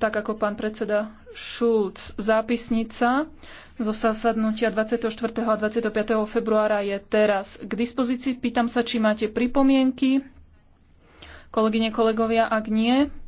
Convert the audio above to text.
tak ako pán predseda Šulc, zápisnica zo zasadnutia 24. a 25. februára je teraz k dispozícii. Pýtam sa, či máte pripomienky. Kolegyne, kolegovia, ak nie,